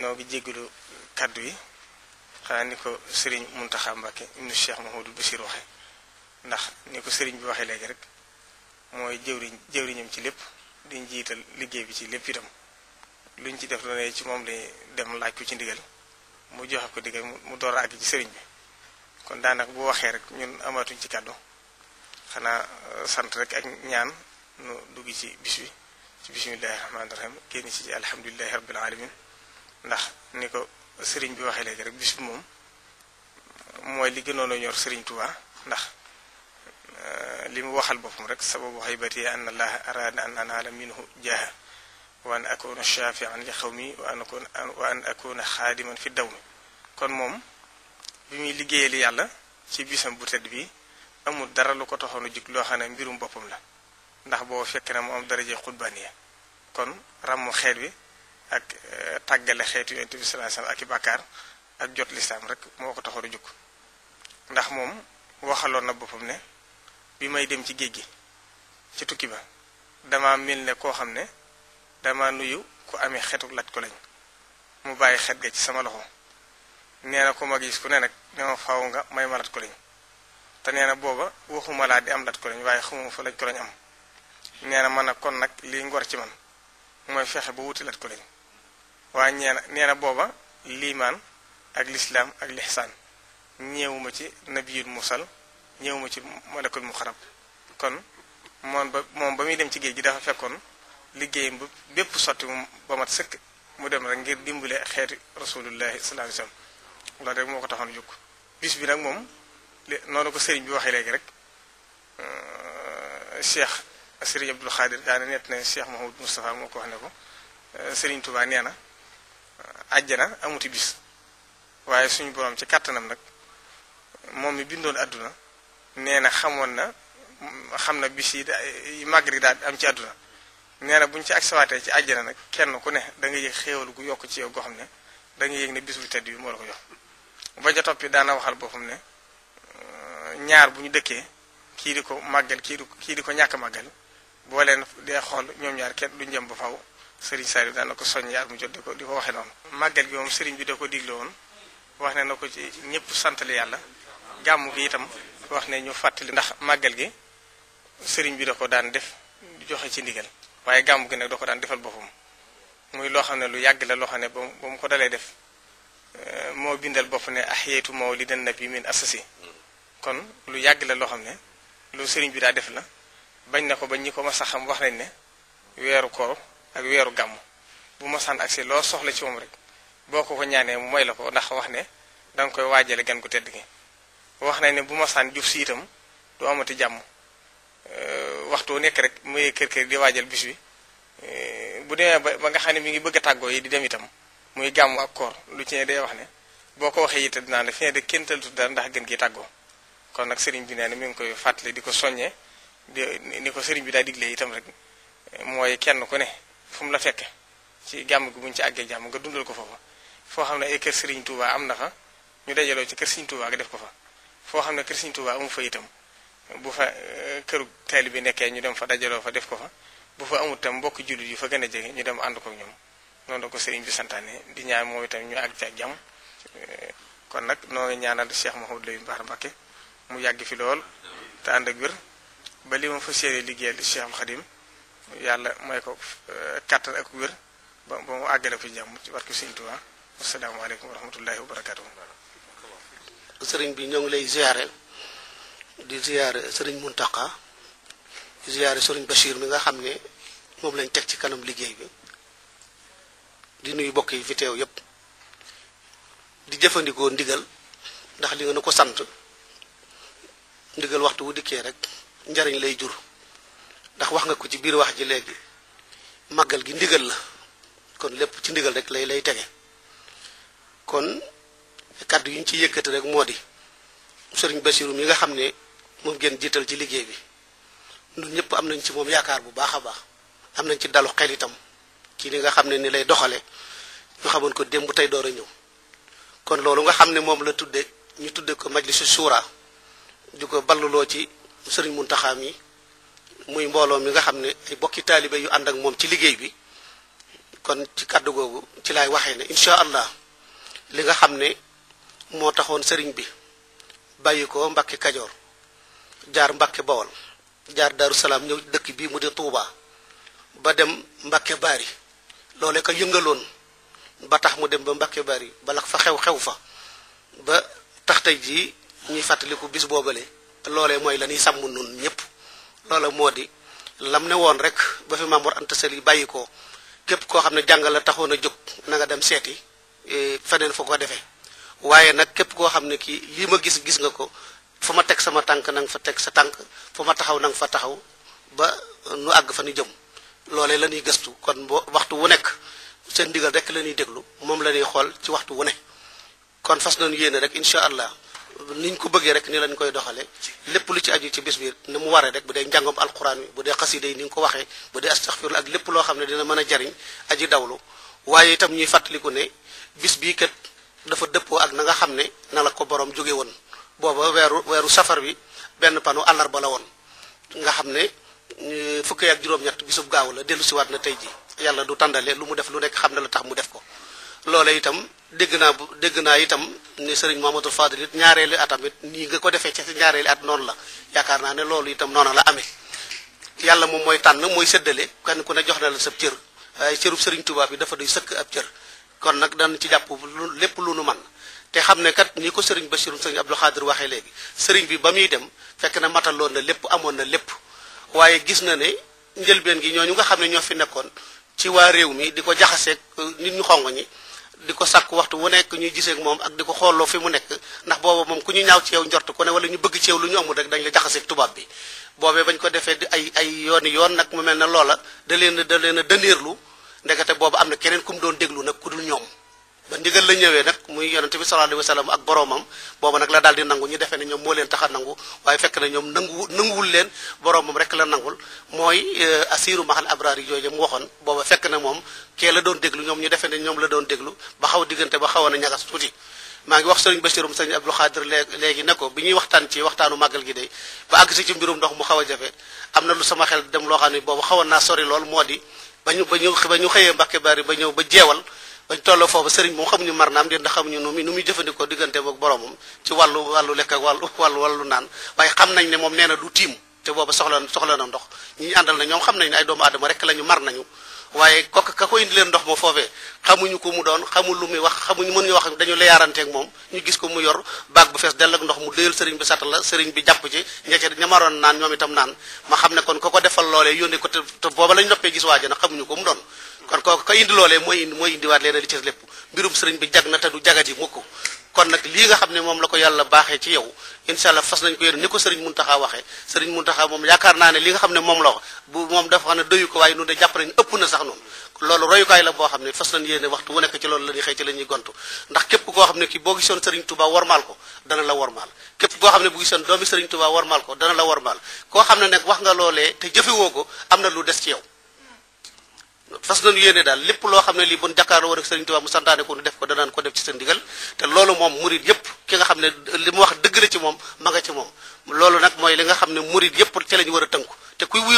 noo ngi jégalu kaddu yi xanaa ni ko sëriñ Muntaxa Mbàkke ibnu Cheikh Mahmoudou Bachir waxe ndax ni ko sëriñ bi waxee léegi rek mooy jëwriñ jëwriñam ci lépp di jiital liggéey bi ci lépp itam luñ ci def doone ci moom lañuy dem laaj ko ci ndigal mu joxe ko ndigal mu door a àgg ci sëriñ bi kon daanaka bu waxee rek ñun amaatuñ ci kaddu xanaa euh, sant rek ak ñaan nu dugg ci bis bi ci bismillahi rahmaani rahim génn ci alhamdulilahi rabbil alamin ndax ni ko sëriñ bi waxee léegi rek bis moom mooy li gënoon a ñor sëriñ Tuubaa ndax euh, li mu waxal boppam rek sababu xaybati an allah arada an anaala minhu jaaha wa an akuna shafian li xawmi wa an akuna xaadiman fi daw mi kon moom bi muy liggéeyal yàlla ci bisam bu tedd bi amul dara lu ko taxoon a jug loo xam ne mbirum boppam la ndax boo fekk na mu am daraje xutbaaniya kon ràmmu xeet wi ak eh, tàggale xeetu yonent bi sallallahu alayhi ak i bàkkaar ak jot lislaam rek moo ko taxoon a jóg ndax moom waxaloon na boppam ne bi may dem ci géej gi ci tukki ba dama mel ne koo xam ne dama nuyu ku ame xetu laj ko lañ mu bàyyi xet ga ci sama loxo nee na ko ma gis ku ne nag ne ma faaw nga may ma lat ko lañ te nee na booba waxuma laa di am lat ko waaye xamuma fa laj ko am nee na man nag kon nag lii ngor ci man mooy fexe ba wuti lat ko lañ waaye neena nee na booba liimaan ak lislaam ak lixsaan ñëwuma ci nabiyul mursal ñëwuma ci malakul muxarab kon moom ba moom ba muy dem ci géej gi dafa fekkoon liggéeyam bépp sotti mu ba mat sëkk mu dem rek ngir dimbale xeeti rasulullahi sallallahu alayhi loolu rek moo ko taxoon jóg bis bi nag moom noonu ko seriñ bi waxee léegi rek euh, cheikh sëriñ Abdul Xaadir daane nett ne cheikh Mahamadou Moustapha moo ko wax ne ko euh, sëriñ Touba nee na àjjana amuti bis waaye suñu boroom ci kàttanam nag moom mi bindoon àdduna nee na xamoon na xam na bis yi magri daal am ci àdduna nee na bu ñu ci agsiwaatee ci àjjana nag kenn ku ne da nga yëg xéewal gu yokk ci yow goo xam ne da nga yëg ne bis bu tedd bi moo la ko jox ba ja toppi daana waxal boppam ne euh, ñaar bu ñu dëkkee kii di ko màggal kii di kii di ko ñàkk màggal boo leen dee xool ñoom ñaar kenn du njëm ba faw sëriñ Saliou daan na ko soññi ak mu jot di ko di ko waxee noonu. màggal gi moom sëriñ bi da ko digle woon wax ne na ko ci ñëpp santale yàlla gàmm gi itam wax ne ñu fàttali ndax màggal gi sëriñ bi da ko daan def joxe ci ndigal waaye gàmm gi nag da ko daan defal boppam muy loo xam ne lu yàgg la loo xam ne ba mu ko dalee def eh, moo bindal bopp ne ahyaytu mawlidan nabi min asasi kon lu yàgg la loo xam ne lu sëriñ bi daa def la bañ na ko bañ ñi ko mas a xam wax nañ ne weeru koor ak weeru gàmm bu mosaan ak si loo soxla ci moom rek boo ko ko ñaanee mu may la ko ndax wax ne danga koy waajale gan gu tedd gi wax na ne bu masaan jub si itam du amati jàmm euh, waxtu nekk rek muy kër kër di waajal bis bi euh, bu demee ba nga xam ne mi ngi bëgg tàggoo yi di dem itam muy gàmm ak koor lu ci day wax ne boo ko waxee itam dinaa ne fi de kenn tëltu dal ndax gën gi tàggoo kon nag sëriñ bi nee na mi ngi koy fàttali di ko soññee di ni ko sëriñ bi daa diglee itam rek mooy kenn ku ne. fu la fekke ci gàmm gi buñ ci àggee jàmm nga dundal ko foofa foo xam ne ay kër Serigne Touba am na fa ñu dajaloo ci kër Serigne Touba nga def ko fa foo xam ne kër Serigne Touba amu fa itam bu fa euh, këru taalibe bi nekkee ñu dem fa dajaloo fa def ko fa bu fa amul tam mbokk jullit yu fa gën a jege ñu dem ànd ko ñoom noonu la ko Serigne bi santaane di ñaar moom itam ñu àgg ci ak jàmm euh, kon nag noo ngi ñaanal Cheikh Mouhamadou Lamine Bara Mbacké mu yàgg fi lool te ànd ak wér ba li fa séeree yàlla may ko eh, kattan ak wér ba ba mu àggale ko jàmm ci barke Sëriñ Tuubaa asalaamaaleykum wa rahmatullahi wa barakaatu. sëriñ bi ñoo ngi lay ziare di ziare sëriñ Mountakha di ziare sëriñ Bachir mi nga xam ne moom lañ teg ci kanam liggéey bi di nuyu mbokk yi fi teew yépp di jëfandikoo ndigal ndax li nga nu ko sant ndigal waxtu wu dikkee rek njariñ lay jur. ndax wax nga ko ci biir wax ji léegi màggal gi ndigal la kon lépp ci ndigal rek lay lay tege kon kàddu yi ñu ci yëkkati rek moo di sëriñ Basiru mi nga xam ne moom ngeen jiital ci liggéey bi ñun ñëpp am nañ ci moom yaakaar bu baax a baax am nañ ci dalu xel itam ci li nga xam ne ni lay doxale ñu xamoon ko démb tey door a ñëw kon loolu nga xam ne moom la tudde ñu tudde ko majlisu suuraa ju ko balluloo ci sëriñ Muntaxa mi muy mbooloo mi nga xam ne ay bokki taalibe yu ànd ak moom ci liggéey bi kon ci kàddu googu ci laay waxee ne incha allah li nga xam ne moo taxoon sëriñ bi bàyyi ko Mbàkke Kajoor jaar Mbàkke Bawol jaar Daaru Salaam ñëw dëkk bi mu di Tuubaa ba dem Mbàkke Baari loole ko yëngaloon ba tax mu dem ba Mbàkke Baari balak fa xew-xew fa ba tax tey jii ñuy fàttaliku bis boobale loole mooy la ñuy sàmm noonu ñëpp loola moo di lam ne woon rek ba fi Maam Mor Anta Sali bàyyi ko képp koo xam ne jàngal la taxoon a jóg nanga dem seeti e, feneen foo ko defee waaye nag képp koo xam ne kii lii ma gis gis nga ko fu ma teg sama tànk na nga fa teg sa tànk fu ma taxaw na nga fa taxaw ba nu àgg fa nu jëm loole la ñuy gëstu kon boo waxtu wu nekk seen ndigal rekk la ñuy déglu moom la ñuy xool ci waxtu wu ne kon fas nañu yéene rek incha allah. niñ ko bëggee rek ni lañ koy doxale lépp lu ci aju ci bis bi na mu waree rek bu dee njàngom alquran bi bu dee xasida yi ni nga ko waxee bu dee astaxfiru ak lépp loo xam ne dina mën a aji dawlu waaye itam ñuy fàttaliku ne bis bii kat dafa dëppoo ak na nga xam ne na la ko boroom jóge woon booba weeru weeru safar bi benn panu àllarba la woon nga xam ne eh, fukki ak juróom-ñett bisub gaaw la dellu siwaat na tey ji yàlla du tàndale lu mu def lu nekk xam ne la tax mu def ko loola itam dégg naa bu dégg naa itam ni sëriñ Mamadou Fadil it ñaareelu atam it nii nga ko defee ci ñaareelu at noonu la yaakaar naa ne loolu itam noonu la amee yàlla moom mooy tànn mooy séddale kenn ku jox na la sab cër waaye cërub sëriñ bi dafa doy sëkk ab cër kon nag dana ci jàpp lu lépp lu man te xam ne kat ni ko sëriñ Bachirou sëriñ Abdou Khadir waxee léegi sëriñ bi ba muy dem fekk na mataloon na lépp amoon na lépp waaye gis na ne njëlbeen gi ñoo ñu nga xam ne ñoo fi nekkoon ci waa réew mi di ko jaxaseek uh, nit ñu xong ñi di ko sàkk waxtu wu nekk ñuy giseek moom ak di ko xoolloo fi mu nekk ndax booba moom ku ñu ñaaw ci yow njort ku ne wala ñu bëgg ci yow lu ñu amul rek dañ la jaxaseeg tubaab bi boobee bañ ko defee ay ay yooni yoon nag mu mel ne loola da leen da leen a dëneerlu ndekete booba am na keneen ku mu doon déglu nag ku lu ñoom ba ndigal la ñëwee nag muy yonente bi sallallahu alayhi wasallam ak boromam booba nag la daal di nangu ñu defee ne ñoom moo leen tax a nangu waaye fekk na ñoom nangu nanguwul leen boromam rek la nangul mooy euh, asiru mahal abraar yi jooju mu waxoon booba fekk na moom kee la doon déglu ñoom ñu defee ne ñoom la doon déglu ba xaw diggante ba xawoon a ñagas tuuti maa ngi wax sëriñ Bachirum sëriñ Abdou Khadir léegi ne ko bi ñuy waxtaan ci waxtaanu màggal gi de ba àgg si ci mbirum ndox mu xaw a jafe am na lu sama xel dem loo xam ne boobu xawoon naa sori lool moo di ba ñu ba ba ñu xëyee Mbàkke Bari ba ñëw ba jeewal bañ tolloo foofu sëriñ moom xamuñu mar naam déet ndax xamuñu nu muy nu muy jëfandikoo diggante boog boromam ci wàllu wàllu lekk ak wàllu wàllu wàllu naan waaye xam nañ ne moom nee na du tiim te booba soxla soxla na ndox ñi àndal na ñoom xam nañ ne ay aadama rek la mar nañu waaye kooku ka ko indi leen ndox moo foofee xamuñu ko mu doon xamul lu muy wax xamuñu mënuñu wax dañu leyaaranteeg moom ñu gis ko mu yor baag bu fees dell ak ndox mu déyal sëriñ bi satta sëriñ bi jàpp ci ñecce ñamaroon ñoom itam naan ma xam ne kon ko ko defal loolee yónnee ko te booba lañ noppee gis waajo na xamuñu ko mu doon kon kooku ka indi loolee mooy indi mooy indiwaat leen li ci lépp mbirum sëriñ bi jag na te du jagati mukk kon nag lii nga xam ne moom la ko yàlla baaxee ci yow incha allah fas nañ ko yéen ni ko sëriñ Muntaxa waxee sëriñ Muntaxa moom yaakaar naa ne li nga xam ne moom la wax bu moom dafa xam ne doyu ko waaye nun de jàpp nañ ëpp na sax noonu loolu royukaay la boo xam ne fas nañ yéene waxtu wu nekk ci loolu la ñuy xëy ci la ñuy ndax képp koo xam ne ki boo gisoon sëriñ Touba warmaal ko dana la warmaal képp koo xam ne bu gisoon doomi sëriñ Touba warmaal ko dana la warmaal koo xam ne nag wax nga loolee te jëfewoo ko am na lu des ci yow fas nañu yéene daal lépp loo xam ne lii bu ñu jàkkaarloo woon ak Serigne Touba mu santaane ko nu def ko danaan ko def ci seen ndigal te loolu moom murid yëpp ki nga xam ne li mu wax dëgg la ci moom ma nga ci moom loolu nag mooy li nga xam ne a tënku te kuy di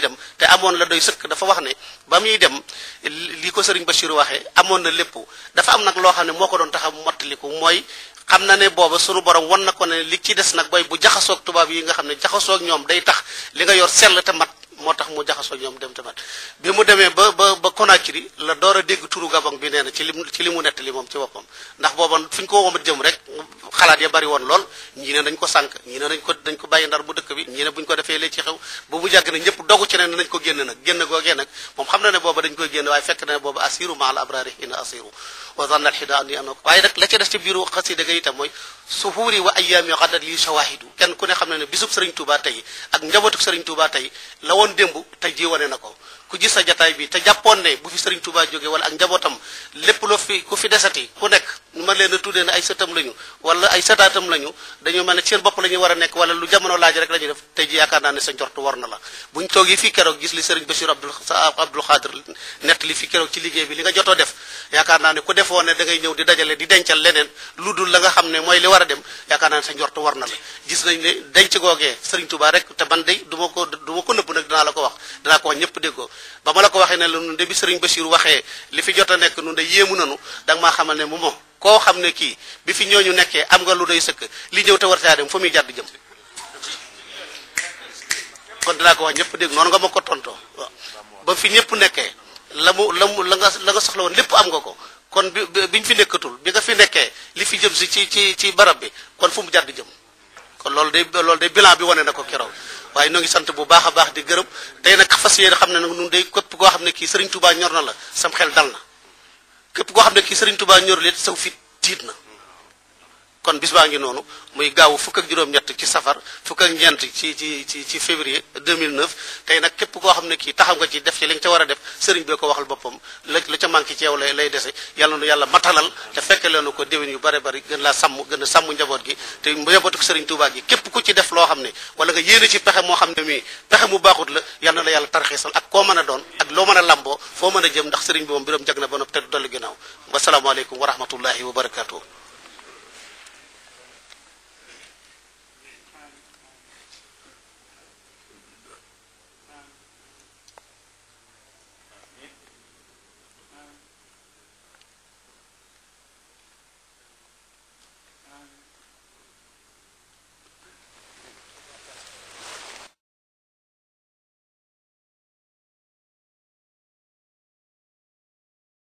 dem te amoon la doy sëkk dafa wax ne ba muy dem li ko sëriñ Bachir waxee amoon na lépp dafa am nag loo xam ne moo ko doon tax a mottaliku mooy xam na ne booba sunu borom wan na ko ne li ci des nag booy bu jaxasoog tubaab yi nga xam ne jaxasoog ñoom day tax li nga yor sell te mat moo tax mu jaxasoo ñoom dem tamit bi mu demee ba ba ba Conakry la door a dégg turu Gabon bi nee ci li ci li mu nettali moom ci boppam ndax booba fu ñu ko womat jëm rek xalaat ya bari woon lool ñii ne dañ ko sànk ñii ne dañ ko dañ ko bàyyi ndar bu dëkk bi ñii ne bu ñu ko defee lée ci xew ba mu jàgg na ñëpp dogu ci ne nañ ko génn nag génn googee nag moom xam na ne booba dañ koy génn waaye fekk na ne booba asiru ma abrari ina asiru waaye nag la ci kenn ku ne xam na ne bisub Serigne Touba tey ak njabootu Serigne Touba tey la woon démb tey jii wane na ko ku gis sa jataay bi te jàppoon ne bu fi Serigne Touba jóge wala ak njabootam lépp loo fi ku fi desati ku nekk ma leen a tuddee ne ay sëtam lañu wala ay sëtaatam lañu dañu mel ne seen bopp la ñu war a nekk wala lu jamono laaj rek la def tey ji yaakaar ne sa njort war na la buñ toogee fii keroog gis li Serigne Bassirou Abdou Abdou Khadr nett li fii keroog ci liggéey bi li nga jotoo def yaakaar naa ne ku defoon ne da ñëw di dajale di dencal leneen lu dul la nga xam ne mooy li war a dem yaakaar naa sa njort war na la gis nañ ne denc googee Serigne Touba rek te man day du ma ko du ko nëbb nag dinaa la ko wax dinaa ko wax ñëpp dégg ko ba ma la ko waxee ne la nun de bi sëriñ Bachir waxee li fi jot a nekk nun da yéemu nanu danga maa xamal ne mu mo koo xam ne kii bi fi ñooñu nekkee am nga lu doy sëkk li ñëw te war caa dem fu muy jàdd jëm kon dinaa ko ñëpp dégg noonu nga ma ko tontoo ba fi ñëpp nekkee la mu la la nga la nga soxla woon lépp am nga ko kon bi biñ fi nekkatul bi nga nekkee li fi jëm si ci ci ci barab bi kon fu mu jàdd jëm kon loolu day loolu day bilaa bi wane na ko keroog waaye ñoo ngi sant bu baax a baax di gërëm tey na fas yéene xam ne nag nun day këpp goo xam ne kii Serigne Touba ñor na la sam xel dal na képp koo xam ne kii sëriñ Touba ñor la it saw fit tiit na. kon bis baa ngi noonu muy gaaw fukk ak juróom-ñett ci safar fukk ak ñeent ci ci ci ci février 2009 tey nag képp koo xam ne kii taxaw nga ci def ci li nga ca war a def sëriñ bi ko waxal boppam la la ca manqué ci lay lay dese yàlla nu yàlla matalal te fekk leenu ko déwén yu bare bari gën laa sàmm gën a sàmm njaboot gi te njabootu sëriñ Tuubaa gi képp ku ci def loo xam ne wala nga yéene ci pexe moo xam ne mii pexe mu baaxut la yàlla na la yàlla tarxiisal ak koo mën a doon ak loo mën a lamboo a jëm ndax sëriñ bi moom mbiram jag na ba nopp te dolli ginnaaw wasalaamaaleykum wa rahmatullahi wa barakatuh